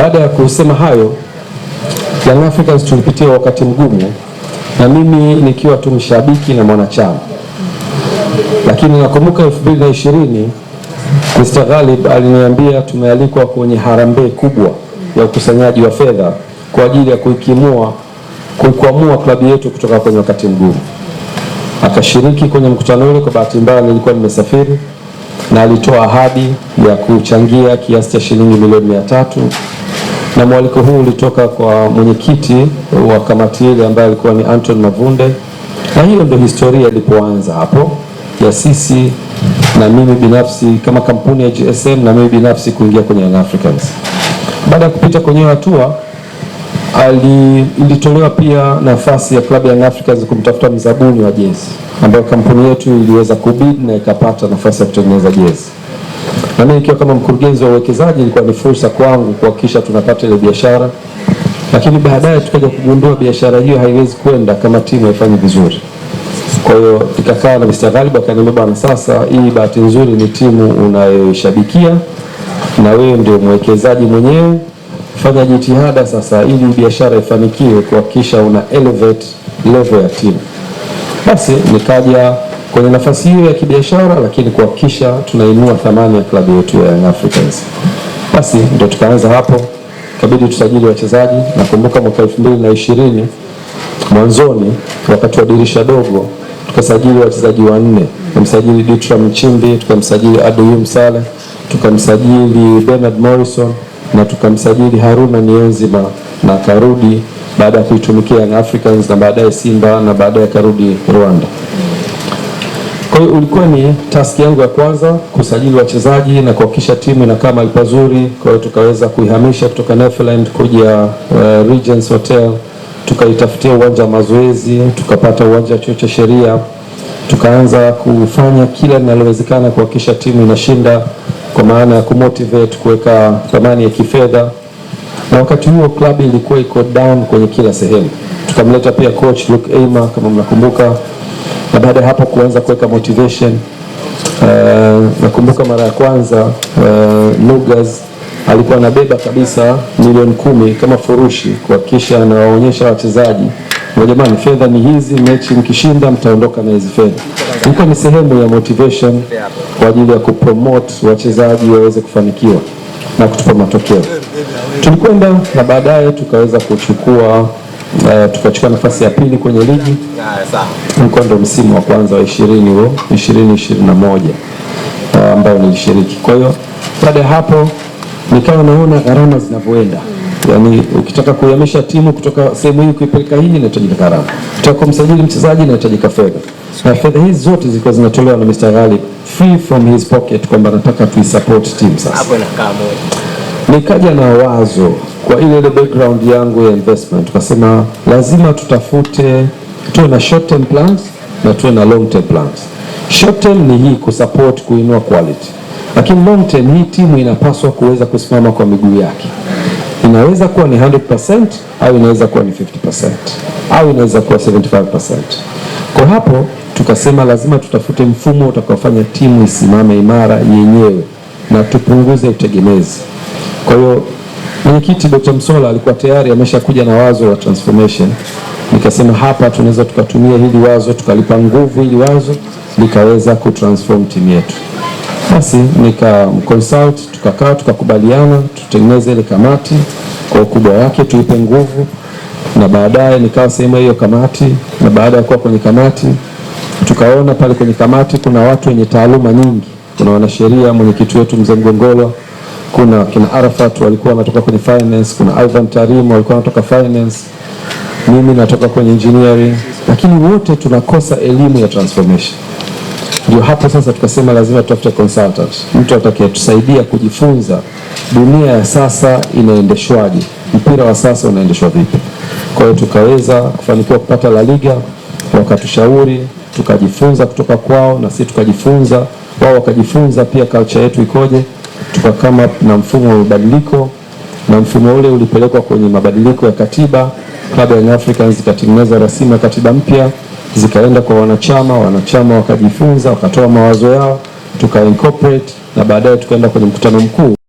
Baada ya kusema hayo, Young Africans tulipitia wakati mgumu, na mimi nikiwa tu mshabiki na mwanachama, lakini nakumbuka 2020 Mr. Ghalib aliniambia tumealikwa kwenye harambee kubwa ya ukusanyaji wa fedha kwa ajili ya kuikimua kuikwamua klabu yetu kutoka kwenye wakati mgumu. Akashiriki kwenye mkutano ule. Kwa bahati mbaya nilikuwa nimesafiri, na alitoa ahadi ya kuchangia kiasi cha shilingi milioni mia tatu na mwaliko huu ulitoka kwa mwenyekiti wa kamati ile ambaye alikuwa ni Anton Mavunde, na hiyo ndio historia ilipoanza hapo ya sisi na mimi binafsi kama kampuni ya GSM na mimi binafsi kuingia kwenye Young Africans. Baada ya kupita kwenye hatua ali, ilitolewa pia nafasi ya klabu ya Young Africans kumtafuta mzabuni wa jezi ambayo kampuni yetu iliweza kubid na ikapata nafasi ya kutengeneza jezi na mimi nikiwa kama mkurugenzi wa uwekezaji, ilikuwa ni fursa kwangu kuhakikisha tunapata ile biashara, lakini baadaye tukaja kugundua biashara hiyo haiwezi kwenda kama timu haifanyi vizuri. Kwa hiyo nikakaa na Mr. Ghalib akaniambia, bwana, sasa hii bahati nzuri ni timu unayoishabikia na wewe ndio mwekezaji mwenyewe, fanya jitihada sasa ili biashara ifanikiwe, kuhakikisha una elevate level ya timu. Basi nikaja kwenye nafasi hiyo ya kibiashara, lakini kuhakikisha tunainua thamani ya klabu yetu ya Young Africans. Basi ndio tukaanza hapo, kabidi tusajili wachezaji. Nakumbuka mwaka elfu mbili na ishirini mwanzoni, wakati wa dirisha dogo, tukasajili wachezaji wanne. Tukamsajili Dutra Mchimbi, tukamsajili Adoyum Msale, tukamsajili Bernard Morrison na tukamsajili Haruna Nienzima na karudi baada ya kuitumikia Young Africans na baadaye Simba na baadaye karudi Rwanda. Kwa hiyo ulikuwa ni task yangu ya kwanza kusajili wachezaji na kuhakikisha timu inakaa mahali pazuri. Kwa hiyo tukaweza kuihamisha kutoka Nefland kuja uh, Regents Hotel, tukaitafutia uwanja wa mazoezi, tukapata uwanja wa chuo cha sheria, tukaanza kufanya kila linalowezekana kuhakikisha timu inashinda, kwa maana ya kumotivate, kuweka thamani ya kifedha, na wakati huo klabu ilikuwa iko down kwenye kila sehemu. Tukamleta pia coach Luke Aimer kama mnakumbuka na baada ya hapo kuanza kuweka motivation. Uh, nakumbuka mara ya kwanza uh, Lugas alikuwa anabeba kabisa milioni kumi kama furushi kuhakikisha anawaonyesha wachezaji wa jamani, fedha ni hizi, mechi mkishinda mtaondoka na hizi fedha. Ilikuwa ni sehemu ya motivation kwa ajili ya kupromote wachezaji waweze kufanikiwa na kutupa matokeo. Tulikwenda na baadaye tukaweza kuchukua uh, tukachukua nafasi ya pili kwenye ligi huko, ndo msimu wa kwanza wa ishirini huo ishirini ishirini na moja ah, ambayo nilishiriki. Kwa hiyo baada ya hapo nikawa naona gharama zinavyoenda yaani ukitaka kuhamisha timu kutoka sehemu hii kuipeleka hii inahitajika gharama, ukitaka kumsajili mchezaji inahitajika fedha, na fedha hizi zote zilikuwa zinatolewa na Mr. Ghalib free from his pocket, kwamba nataka tuisupport team. Sasa hapo inakaa moja, nikaja na wazo kwa ile ile background yangu ya investment, tukasema lazima tutafute, tuwe na short term plans na tuwe na long term plans. Short term ni hii kusupport kuinua quality, lakini long term hii timu inapaswa kuweza kusimama kwa miguu yake. Inaweza kuwa ni 100% au inaweza kuwa ni 50% au inaweza kuwa 75%. Kwa hapo tukasema lazima tutafute mfumo utakaofanya timu isimame imara yenyewe na tupunguze utegemezi. Kwa hiyo Mwenyekiti Dr. Msola alikuwa tayari ameshakuja na wazo la transformation, nikasema hapa tunaweza tukatumia hili wazo tukalipa nguvu hili wazo likaweza kutransform timu yetu. Basi nikamconsult, tukakaa tukakubaliana tutengeneze ile kamati kwa ukubwa wake tuipe nguvu, na baadaye nikawa sehemu hiyo kamati, na baada ya kuwa kwenye kamati tukaona pale kwenye kamati kuna watu wenye taaluma nyingi, kuna wanasheria, mwenyekiti wetu mzee Mgongolwa kuna kina Arafat walikuwa wanatoka kwenye finance, kuna Ivan Tarim walikuwa wanatoka finance, mimi natoka kwenye engineering, lakini wote tunakosa elimu ya transformation. Ndio hapo sasa tukasema lazima tutafute consultant, mtu atakayetusaidia kujifunza dunia ya sasa inaendeshwaje, mpira wa sasa unaendeshwa vipi. Kwa hiyo tukaweza kufanikiwa kupata La Liga, wakatushauri tukajifunza kutoka kwao, na sisi tukajifunza, wao wakajifunza pia culture yetu ikoje tukakama na mfumo wa mabadiliko, na mfumo ule ulipelekwa kwenye mabadiliko ya katiba. Club Young Africans zikatengeneza rasimu ya katiba mpya, zikaenda kwa wanachama, wanachama wakajifunza, wakatoa mawazo yao, tuka incorporate na baadaye tukaenda kwenye mkutano mkuu.